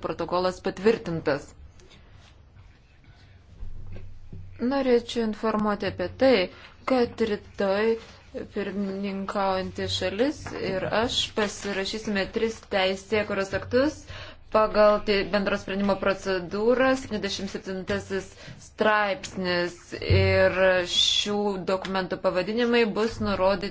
protokolas patvirtintas. Norėčiau informuoti apie tai, kad rytoj pirmininkaujantį šalis ir aš pasirašysime tris teisėkuros aktus pagal tai bendros sprendimo procedūrą 77 straipsnis ir šių dokumentų pavadinimai bus nurodyti.